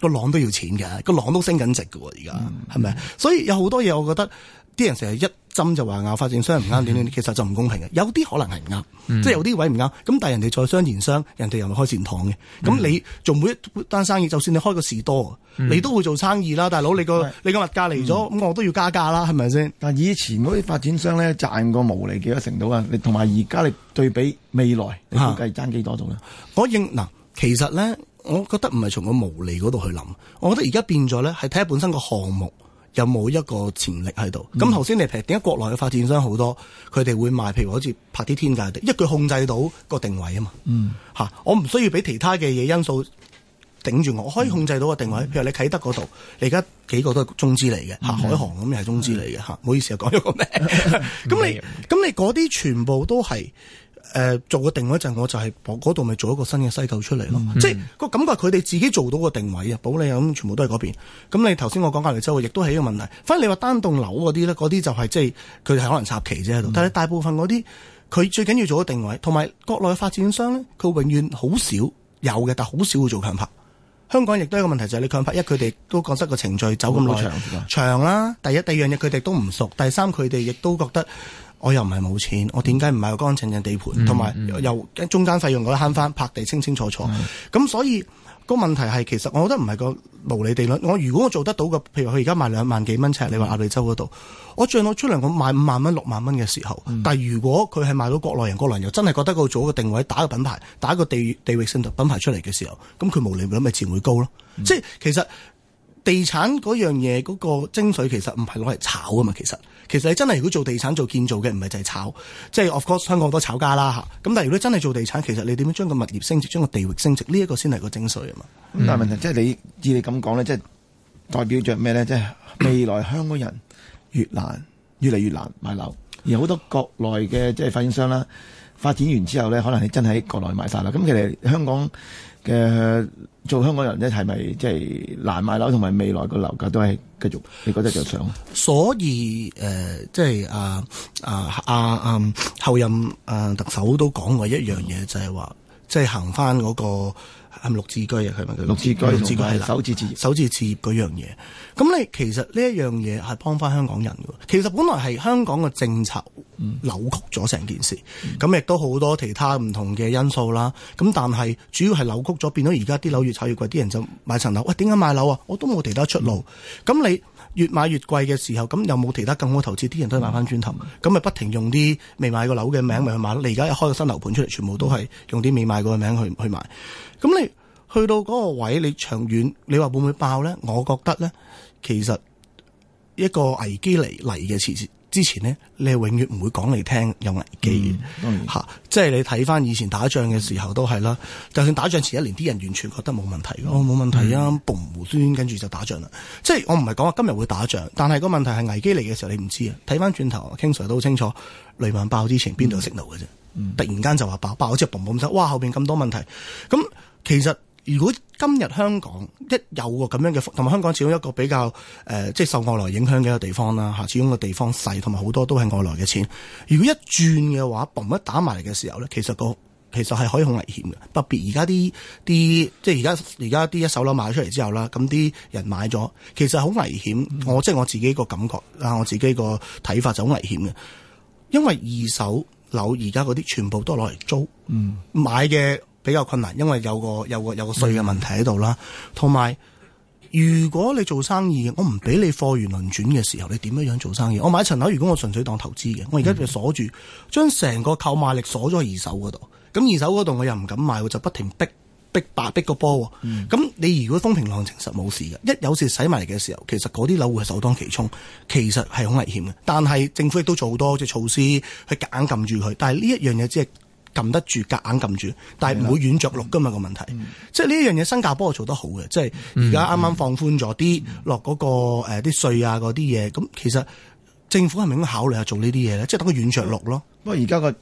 那個廊都要錢嘅，個廊都在升緊值噶而家係咪？所以有好多嘢，我覺得。啲人成日一針就話亞發展商唔啱，點點點，其實就唔公平嘅。有啲可能係唔啱，嗯、即係有啲位唔啱。咁但係人哋在商言商，人哋又咪開善堂嘅。咁、嗯、你做每一單生意，就算你開個士多，嗯、你都會做生意啦，大佬。你個是你個物價嚟咗，咁、嗯、我都要加價啦，係咪先？但以前嗰啲發展商咧賺個毛利幾多成度啊？你同埋而家你對比未來，你估計爭幾多度咧？我認嗱，其實咧，我覺得唔係從個毛利嗰度去諗，我覺得而家變咗咧，係睇下本身個項目。有冇一個潛力喺度？咁頭先你平，點解國內嘅發展商好多佢哋會賣？譬如好似拍啲天價地，一句控制到個定位啊嘛。嗯，嚇我唔需要俾其他嘅嘢因素頂住我，我可以控制到個定位。譬如你啟德嗰度，你而家幾個都係中資嚟嘅，嚇海航咁又係中資嚟嘅，嚇唔好意思啊，講咗個咩？咁、 嗯、你咁你嗰啲全部都係。誒做個定位就，我就係嗰度，咪做一個新嘅西九出嚟咯。嗯、即係、個感覺佢哋自己做到個定位啊，保利咁全部都係嗰邊。咁你頭先我講隔籬周，亦都係一個問題。反而你話單棟樓嗰啲呢，嗰啲就係即係佢係可能插旗啫喺度。但係大部分嗰啲，佢最緊要做個定位，同埋國內嘅發展商呢，佢永遠好少有嘅，但好少會做強拍。香港亦都係一個問題，就係、是、你強拍，一佢哋都覺得個程序走咁耐長啦、啊。第一第二樣嘢佢哋都唔熟，第三佢哋亦都覺得。我又唔係冇錢，嗯、我點解唔買個乾淨淨地盤？同埋又中間費用我都慳翻，嗯、拍地清清楚楚。咁、嗯、所以、個問題係，其實我覺得唔係個無理地率。我如果我做得到嘅，譬如佢而家賣兩萬幾蚊尺，嗯、你話亞利州嗰度，我漲到出嚟我賣五萬蚊、六萬蚊嘅時候，嗯、但係如果佢係賣到國內人、國外人又真係覺得佢做一個定位、打個品牌、打一個地地域性嘅品牌出嚟嘅時候，咁佢無理地率咪自然會高咯。即係、嗯、其實、嗯、其實地產嗰樣嘢、嗰、嗰個精髓其，其實唔係攞嚟炒㗎嘛，其實。其實你真係如果做地產做建造嘅，唔係就係炒，即係 of course 香港都炒家啦吓。咁但係如果真係做地產，其實你點樣將個物業升值，將個地域升值呢一個先係個精髓啊嘛。嗯、但係問題即係你以你咁講咧，即係代表著咩咧？即係未來香港人越難，越嚟越難買樓，而好多國內嘅即係發展商啦，發展完之後咧，可能你真係喺國內買晒啦。咁其實香港。嘅做香港人呢，係咪即係難買樓，同埋未來個樓價都係繼續，你覺得著想？所以誒、呃，即係啊啊啊！後任啊特首都講過一樣嘢，就係、是、話，即係行翻嗰個。係咪六字居啊？佢問佢六字居？六字居係啦，首次置，首次置業嗰樣嘢。咁你其實呢一樣嘢係幫翻香港人嘅。其實本來係香港嘅政策扭曲咗成件事，咁亦、嗯嗯嗯、都好多其他唔同嘅因素啦。咁但係主要係扭曲咗，變到而家啲樓越炒越貴，啲人就買層樓。喂、哎，點解買樓啊？我都冇其他出路。咁、嗯、你越買越貴嘅時候，咁有冇其他更好投資，啲人都買翻磚頭。咁咪、嗯嗯、不停用啲未買過樓嘅名咪去買。你而家又開個新樓盤出嚟，全部都係用啲未買過嘅名去去買。咁你去到嗰個位，你長遠你話會唔會爆呢？我覺得呢，其實一個危機嚟嚟嘅前之前呢，你係永遠唔會講你聽有危機嘅吓。即係你睇翻以前打仗嘅時候都係啦，嗯、就算打仗前一年啲人完全覺得冇問題嘅，哦冇問題啊，嘣胡孫跟住就打仗啦。即係我唔係講話今日會打仗，但係個問題係危機嚟嘅時候你唔知啊。睇翻轉頭，King Sir 都清楚雷曼爆之前邊度識路嘅啫，嗯嗯、突然間就話爆爆，即係嘣嘣聲，哇後邊咁多問題，咁、嗯。嗯其實如果今日香港一有個咁樣嘅，同埋香港始終一個比較誒、呃，即係受外來影響嘅一個地方啦，嚇，始終個地方細，同埋好多都係外來嘅錢。如果一轉嘅話，嘣一打埋嚟嘅時候咧，其實個其實係可以好危險嘅。特別而家啲啲，即係而家而家啲一手樓買咗出嚟之後啦，咁啲人買咗，其實好危險。我即係、就是、我自己個感覺啊，我自己個睇法就好危險嘅，因為二手樓而家嗰啲全部都攞嚟租，嗯，買嘅。比較困難，因為有個有個有個稅嘅問題喺度啦，同埋、嗯、如果你做生意，我唔俾你貨源輪轉嘅時候，你點樣樣做生意？我買層樓，如果我純粹當投資嘅，我而家就鎖住，將成個購買力鎖咗喺二手嗰度。咁二手嗰度我又唔敢買喎，就不停逼逼白逼，逼，逼個波。咁、嗯、你如果風平浪靜，實冇事嘅，一有事使埋嚟嘅時候，其實嗰啲樓會係首當其衝，其實係好危險嘅。但係政府亦都做好多隻措施去夾硬撳住佢，但係呢一樣嘢即係。撳得住，夾硬撳住，但係唔會軟着陸㗎嘛個問題，的嗯、即係呢一樣嘢新加坡係做得好嘅，嗯、即係而家啱啱放寬咗啲、嗯、落嗰、嗰個啲稅、呃、啊嗰啲嘢，咁其實政府係咪應該考慮下做呢啲嘢咧？即係等佢軟着陸咯、嗯。不過而家個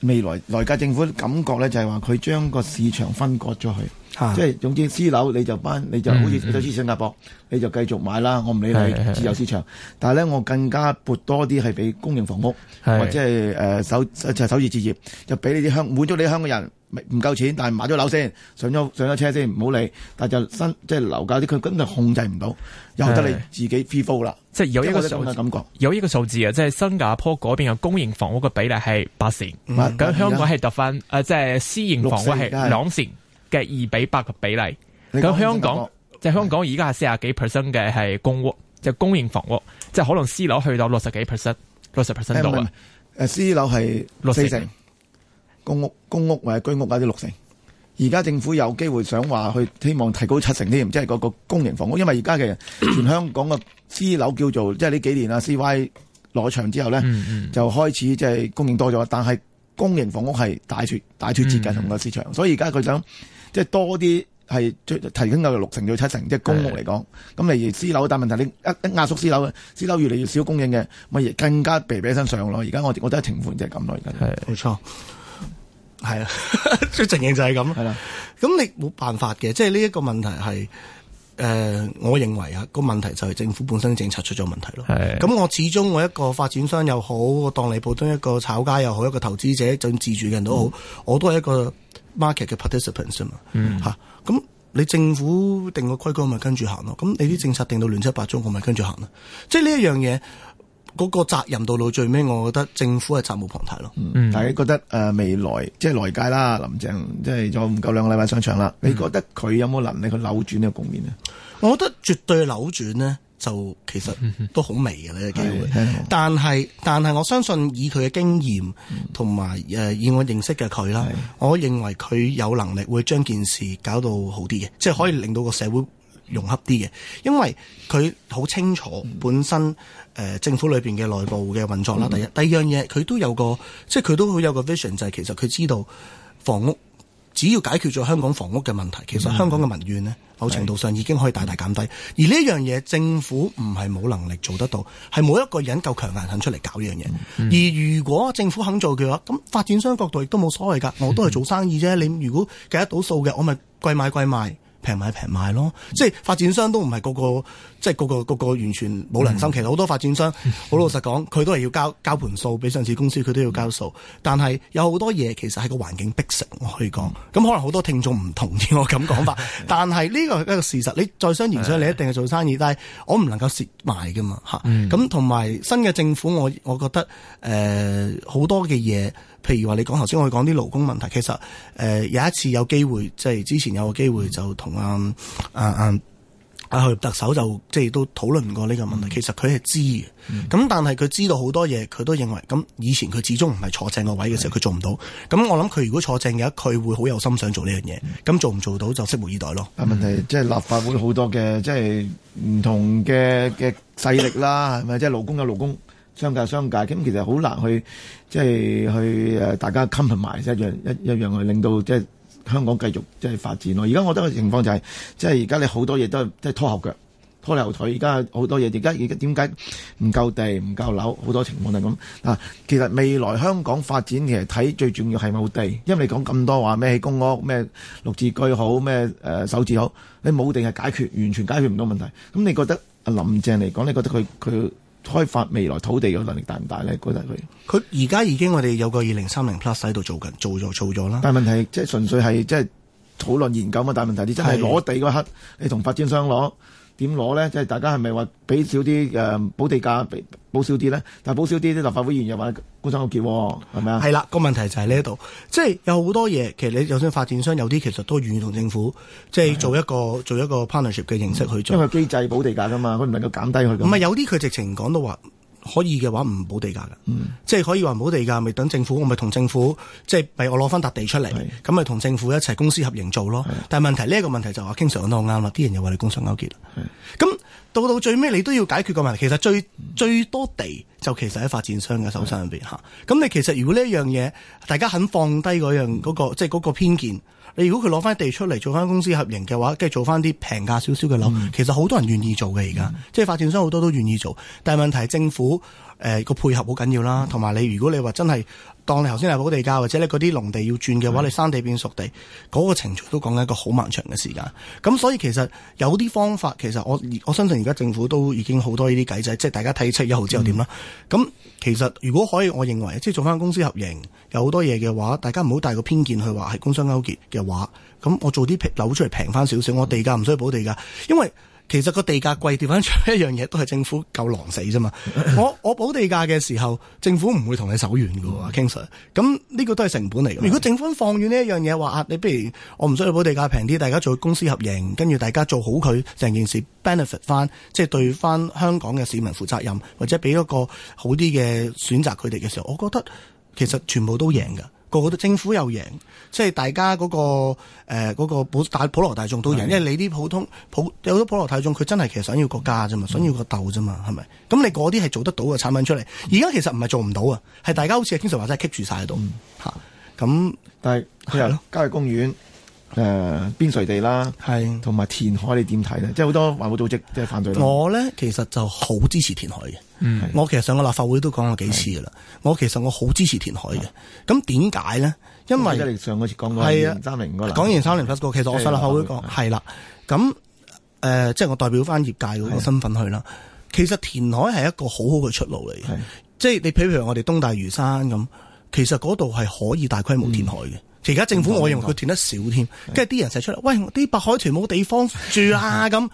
未來內閣政府感覺咧就係話佢將個市場分割咗去。啊、即係總之，私樓你就班，你就好似你都知新加坡，嗯、你就繼續買啦。我唔理係、哎、自由市場，但係咧，我更加撥多啲係俾公營房屋，哎、或者係誒首就首置置業，就俾你啲香滿足你啲香港人唔夠錢，但係買咗樓先，上咗上咗車先，唔好理。但係就新即係樓價啲，佢根本控制唔到，由得你自己 free fall 啦。即係、哎、有一個,一個感覺，有呢個數字啊，即、就、係、是、新加坡嗰邊嘅公營房屋嘅比例係八成，咁、嗯嗯、香港係得翻誒，即、就、係、是、私營房屋係兩成。嗯嘅二比八嘅比例，咁香港即係香港，而家係四十幾 percent 嘅係公屋，即、就、係、是、公營房屋，即、就、係、是、可能私樓去到六十幾 percent，六十 percent 度啊！誒，私樓係四成，六成公屋公屋或者居屋啊啲六成。而家政府有機會想話去，希望提高七成添，即係嗰個公營房屋，因為而家嘅全香港嘅私樓叫做 即係呢幾年啊，C Y 攞場之後咧，嗯嗯就開始即係供應多咗，但係公營房屋係大脫大脫節嘅同個市場，著著著嗯、所以而家佢想。即係多啲係提緊個六成到七成，即係公屋嚟講。咁你的私樓，但係問題你一一壓縮私樓嘅，私樓越嚟越少供應嘅，咪更加背背身上咯。而家我我都係情況就係咁咯，而家冇錯，係啊，即係正應就係咁咯。係啦的，咁你冇辦法嘅，即係呢一個問題係誒、呃，我認為啊，個問題就係政府本身政策出咗問題咯。係的，咁我始終我一個發展商又好，我當你普通一個炒家又好，一個投資者，一自住嘅人都好，嗯、我都係一個。market 嘅 participants、嗯、啊嘛吓，咁你政府定個規矩咪跟住行咯。咁你啲政策定到亂七八糟，我咪跟住行咯。即係呢一樣嘢，嗰、那個責任到到最尾，我覺得政府係責無旁貸咯。嗯，大家覺得誒、呃、未來即係來屆啦，林鄭即係仲唔夠兩禮拜上場啦。嗯、你覺得佢有冇能力去扭轉呢個局面呢？我覺得絕對扭轉呢。就其實都好微嘅呢個機會，但係但係我相信以佢嘅經驗同埋誒， 以，以我認識嘅佢啦， 我認為佢有能力會將件事搞到好啲嘅，即係 可以令到個社會融洽啲嘅，因為佢好清楚本身誒政府裏邊嘅內部嘅運作啦。 第一第二樣嘢，佢都有個即係佢都好有個 vision，就係其實佢知道房屋。只要解決咗香港房屋嘅問題，其實香港嘅民怨呢，某程度上已經可以大大減低。而呢樣嘢政府唔係冇能力做得到，係冇一個人夠強硬肯出嚟搞呢樣嘢。而如果政府肯做嘅話，咁發展商角度亦都冇所謂㗎，我都係做生意啫。你如果計得到數嘅，我咪貴買貴賣。平買平賣咯，即係發展商都唔係個個，即係個個個個完全冇良心。其實好多發展商，好老實講，佢都係要交交盤數俾上市公司，佢都要交數。但係有好多嘢，其實喺個環境逼成，我可以講。咁可能好多聽眾唔同意我咁講法，但係呢個係一個事實，你再商言商，你一定係做生意。但係我唔能夠蝕賣㗎嘛，吓。咁同埋新嘅政府，我我覺得誒好多嘅嘢。譬如話你講頭先，我講啲勞工問題，其實誒、呃、有一次有機會，即係之前有個機會就同阿阿阿阿去特首就即係都討論過呢個問題。嗯、其實佢係知嘅，咁但係佢知道好、嗯、多嘢，佢都認為咁以前佢始終唔係坐正個位嘅時候，佢做唔到。咁我諗佢如果坐正嘅，佢會好有心想做呢樣嘢。咁、嗯、做唔做到就拭目以待咯。問題即係、就是、立法會好多嘅，即係唔同嘅嘅勢力啦，係咪？即係勞工有勞工。商界、商界咁，其實好難去即係去誒，大家 combine 埋一樣一一樣去令到即係香港繼續即係發展咯。而家我覺得個情況就係、是，即係而家你好多嘢都即係拖後腳、拖你後腿。而家好多嘢，而家而家點解唔夠地、唔夠樓？好多情況係咁啊！其實未來香港發展其實睇最重要係冇地，因為你講咁多話咩起公屋、咩綠置居好、咩誒首置好，你冇地係解決完全解決唔到問題。咁你覺得阿林鄭嚟講，你覺得佢佢？開發未來土地嘅能力大唔大咧？嗰度，佢佢而家已經，我哋有個二零三零 Plus 喺度做緊，做咗做咗啦。但係問題即係純粹係即係討論研究啊！但係問題你是真係攞地嗰刻，你同發展商攞。點攞呢？即係大家係咪話俾少啲誒補地價，補少啲呢？但係補少啲，啲立法會議員又話官商勾結，係咪啊？係啦，個問題就係呢度，即係有好多嘢。其實你就算發展商有啲，其實都願意同政府即係做一個做一個 partnership 嘅形式去做。因為機制補地價㗎嘛，佢唔能夠減低佢。唔係有啲佢直情講到話。可以嘅話唔補地價嘅，嗯、即係可以話唔補地價，咪等政府，嗯、我咪同政府，即係咪我攞翻笪地出嚟，咁咪同政府一齊公私合營做咯。是 但係問題呢一、呢個問題就話，King Sir 講得好啱啦，啲人又話你官商勾結，咁到是 到最尾你都要解決個問題。其實最最多地就其實喺發展商嘅是 手上入邊吓。咁是 你其實如果呢一樣嘢，大家肯放低嗰樣嗰個、嗰個嗰個、即係嗰個偏見。你如果佢攞翻地出嚟做翻公司合營嘅話，跟住做翻啲平價少少嘅樓，嗯、其實好多人願意做嘅而家，嗯、即係發展商好多都願意做，但係問題政府。誒個、呃、配合好緊要啦，同埋、嗯、你如果你話真係當你頭先係補地價，或者你嗰啲農地要轉嘅話，嗯、你山地變熟地，嗰、那個程序都講緊一個好漫長嘅時間。咁所以其實有啲方法，其實我我相信而家政府都已經好多呢啲計仔，即係大家睇七月一號之後點啦。咁、嗯、其實如果可以，我認為即係做翻公司合營有好多嘢嘅話，大家唔好帶個偏見去話係工商勾結嘅話，咁我做啲樓出嚟平翻少少，我地價唔需要補地價，因為。其實個地價貴跌翻，出一樣嘢都係政府夠狼死啫嘛。 我我補地價嘅時候，政府唔會同你走遠嘅。k i n g s i r y 咁呢個都係成本嚟。如果政府放遠呢一樣嘢話，啊，你不如我唔需要保地價平啲，大家做公司合營，跟住大家做好佢成件事，benefit 翻，即係對翻香港嘅市民負責任，或者俾一個好啲嘅選擇佢哋嘅時候，我覺得其實全部都贏噶。個個都政府又贏，即係大家嗰、那個誒、呃那個、普大普羅大眾都贏，的因為你啲普通普有好多普羅大眾佢真係其實想要國家啫嘛，嗯、想要個鬥啫嘛，係咪？咁你嗰啲係做得到嘅產品出嚟，而家其實唔係做唔到啊，係大家好似係經常話真 k e 住晒喺度嚇。咁誒、嗯，係咯，郊野、嗯、公園誒、呃、邊陲地啦，係同埋填海你點睇呢？即係好多環保組織即係反對。我呢，其實就好支持填海嘅。嗯、我其實上個立法會都講過幾次噶啦。的我其實我好支持填海嘅。咁點解呢？因為而家你上嗰次講過，係啊，講完三零唔該其實我上立法會講係啦。咁誒的的、嗯，即係我代表翻業界嗰個身份去啦。其實填海係一個好好嘅出路嚟嘅，的即係你譬如我哋東大嶼山咁，其實嗰度係可以大規模填海嘅。而家、嗯、政府我認為佢填得少添，跟住啲人成日出嚟，喂，啲白海豚冇地方住啊咁。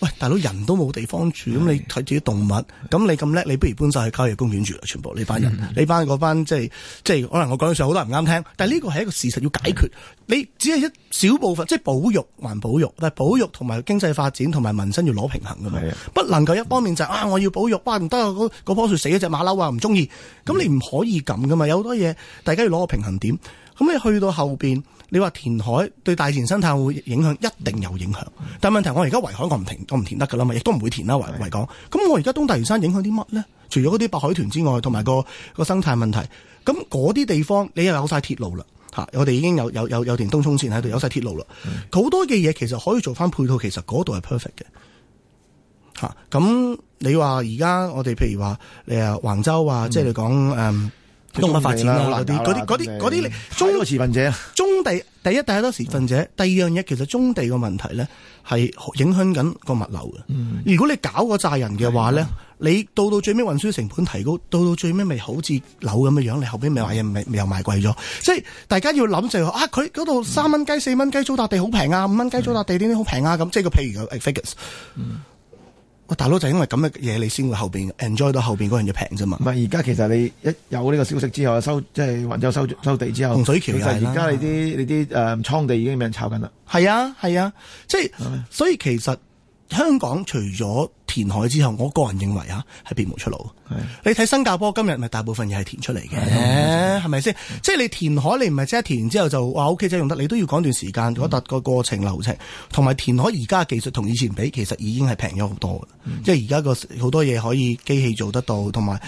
喂，大佬人都冇地方住，咁的你睇住啲動物，咁的你咁叻，你不如搬晒去郊野公園住啦，全部你班人，嗯、你班嗰班即係即係，可能我講嘅時候好多人唔啱聽，但係呢個係一個事實要解決，的你只係一小部分，即係保育還保育，但係保育同埋經濟發展同埋民生要攞平衡噶嘛，的不能夠一方面就係嗯、啊我要保育，哇唔得，嗰嗰棵樹死咗隻馬騮啊唔中意，咁、那個、你唔可以咁噶嘛，有好多嘢大家要攞個平衡點，咁你去到後邊。你話填海對大自然生態會影響，一定有影響。但係問題我，我而家圍海我唔停，我唔填得噶啦嘛，亦都唔會填啦。圍維港，咁是的 我而家東大嶼山影響啲乜呢？除咗嗰啲白海豚之外，同埋、嗰個個生態問題，咁嗰啲地方你又有晒鐵路啦，吓，我哋已經有有有有條東涌線喺度，有晒鐵路啦。好是的 多嘅嘢其實可以做翻配套，其實嗰度係 perfect 嘅。吓、啊，咁、嗯、你話而家我哋譬如話誒橫州啊，即係你講誒。嗯嗯動物發展嗰啲，嗰啲嗰啲嗰啲你中地，第一第一多持份者，第二樣嘢其實中地個問題咧係影響緊個物流嘅。如果你搞個債人嘅話咧，你到到最尾運輸成本提高，到到最尾咪好似樓咁嘅樣，你後邊咪話又賣貴咗。即係大家要諗就係，啊佢嗰度三蚊雞、四蚊雞租笪地好平啊，五蚊雞租笪地點好平啊，咁即係個譬如個我、哦、大佬就係、因為咁嘅嘢，你先會後邊 enjoy 到後邊嗰樣嘢平啫嘛。唔係而家其實你一有呢個消息之後，收即係橫洲收收地之後，洪水橋其實而家你啲、啊、你啲誒倉地已經俾人炒緊啦。係啊係啊，啊即係、嗯、所以其實。香港除咗填海之後，我個人認為啊，係別無出路。的你睇新加坡今日咪大部分嘢係填出嚟嘅，係咪先？吧嗯、即係你填海，你唔係即刻填完之後就話 OK，即係用得，你都要講段時間嗰個，個過程流程。同埋填海而家嘅技術同以前比，其實已經係平咗好多。即係而家個好多嘢可以機器做得到，同埋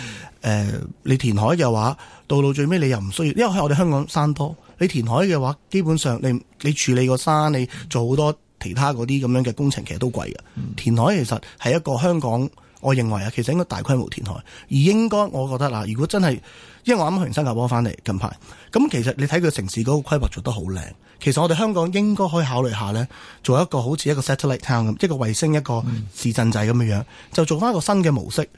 誒你填海嘅話，到到最尾你又唔需要，因為喺我哋香港山多，你填海嘅話，基本上你你處理個山，你做好多。其他嗰啲咁樣嘅工程其實都貴嘅，填海其實係一個香港，我認為啊，其實應該大規模填海，而應該我覺得嗱，如果真係，因為我啱啱去完新加坡翻嚟近排，咁其實你睇佢城市嗰個規劃做得好靚，其實我哋香港應該可以考慮下呢，做一個好似一個 Satellite Town 咁，一個衛星一個市鎮仔咁樣樣，就做翻一個新嘅模式。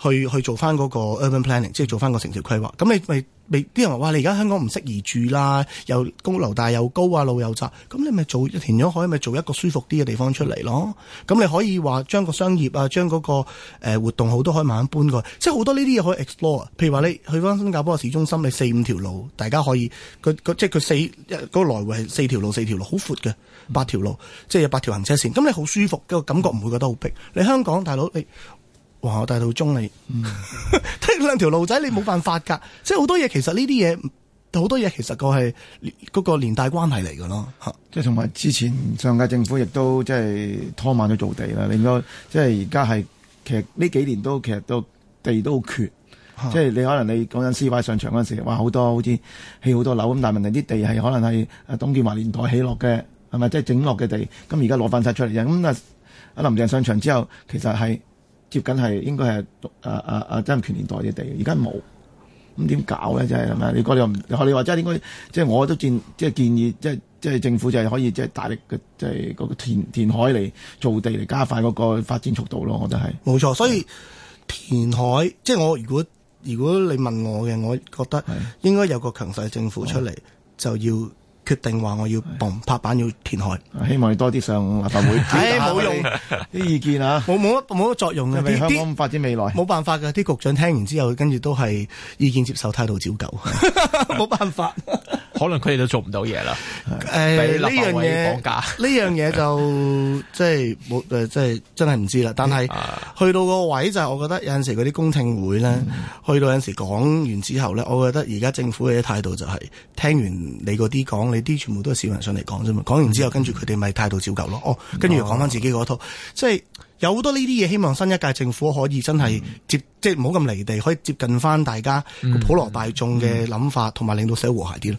去去做翻嗰個 urban planning，即係做翻個城市規劃。咁你咪咪啲人話，哇！你而家香港唔適宜住啦，又高樓大又高啊，路又窄。咁你咪做填咗海可以咪做一個舒服啲嘅地方出嚟咯。咁你可以話將個商業啊，將嗰、嗰個、呃、活動好都可以慢慢搬過去。即係好多呢啲嘢可以 explore。譬如話你去翻新加坡嘅市中心，你四五條路，大家可以即係佢四嗰、嗰個來回係四條路，四條路好闊嘅，八條路即係有八條行車線。咁你好舒服嘅、嗰個、感覺，唔會覺得好逼。你香港大佬你。你你你皇后大道中，你踢、嗯、 兩條路仔，你冇辦法㗎。 即係好多嘢，其實呢啲嘢好多嘢，其實個係嗰個年代關係嚟㗎咯。即係同埋之前上屆政府亦都即係拖慢咗做地啦。你應該即係而家係其實呢幾年都其實都地都好缺，啊、即係你可能你講緊 CY 上場嗰陣時，哇好多好似起好多樓咁，但係問題啲地係可能係董建華年代起落嘅，係咪即係整落嘅地？咁而家攞翻晒出嚟咁啊！阿林鄭上場之後，其實係。接緊係應該係誒誒誒曾蔭權年代嘅地，而家冇咁點搞咧？就係咁啊！你你話唔，你話真係應該，即係我都建，即係建議，即係即係政府就係可以即係大力嘅，即係嗰個填填海嚟造地嚟加快嗰個發展速度咯。我覺得係冇錯，所以填海即係我如果如果你問我嘅，我覺得應該有個強勢政府出嚟的就要。決定話我要幫拍板，要填海、啊，希望你多啲上立法會，冇、 啊哎、用，啲 意見啊，冇冇乜冇乜作用嘅、啊，香港發展未來冇辦法嘅，啲局長聽完之後，跟住都係意見接受態度照舊，冇 辦法。 可能佢哋都做唔到嘢啦。誒呢、呃、樣嘢，呢 樣嘢就即係冇誒，即係真係唔知啦。但係、嗯、去到個位就係、嗯，我覺得有陣時嗰啲公聽會咧，去到有陣時講完之後咧，我覺得而家政府嘅態度就係、是、聽完你嗰啲講，你啲全部都係市民上嚟講啫嘛。講完之後，跟住佢哋咪態度照舊咯。哦，跟住又講翻自己嗰套，嗯、即係有好多呢啲嘢，希望新一屆政府可以真係接，即係唔好咁離地，可以即即接近翻大家普羅大眾嘅諗法，同埋令到社會和諧啲咯。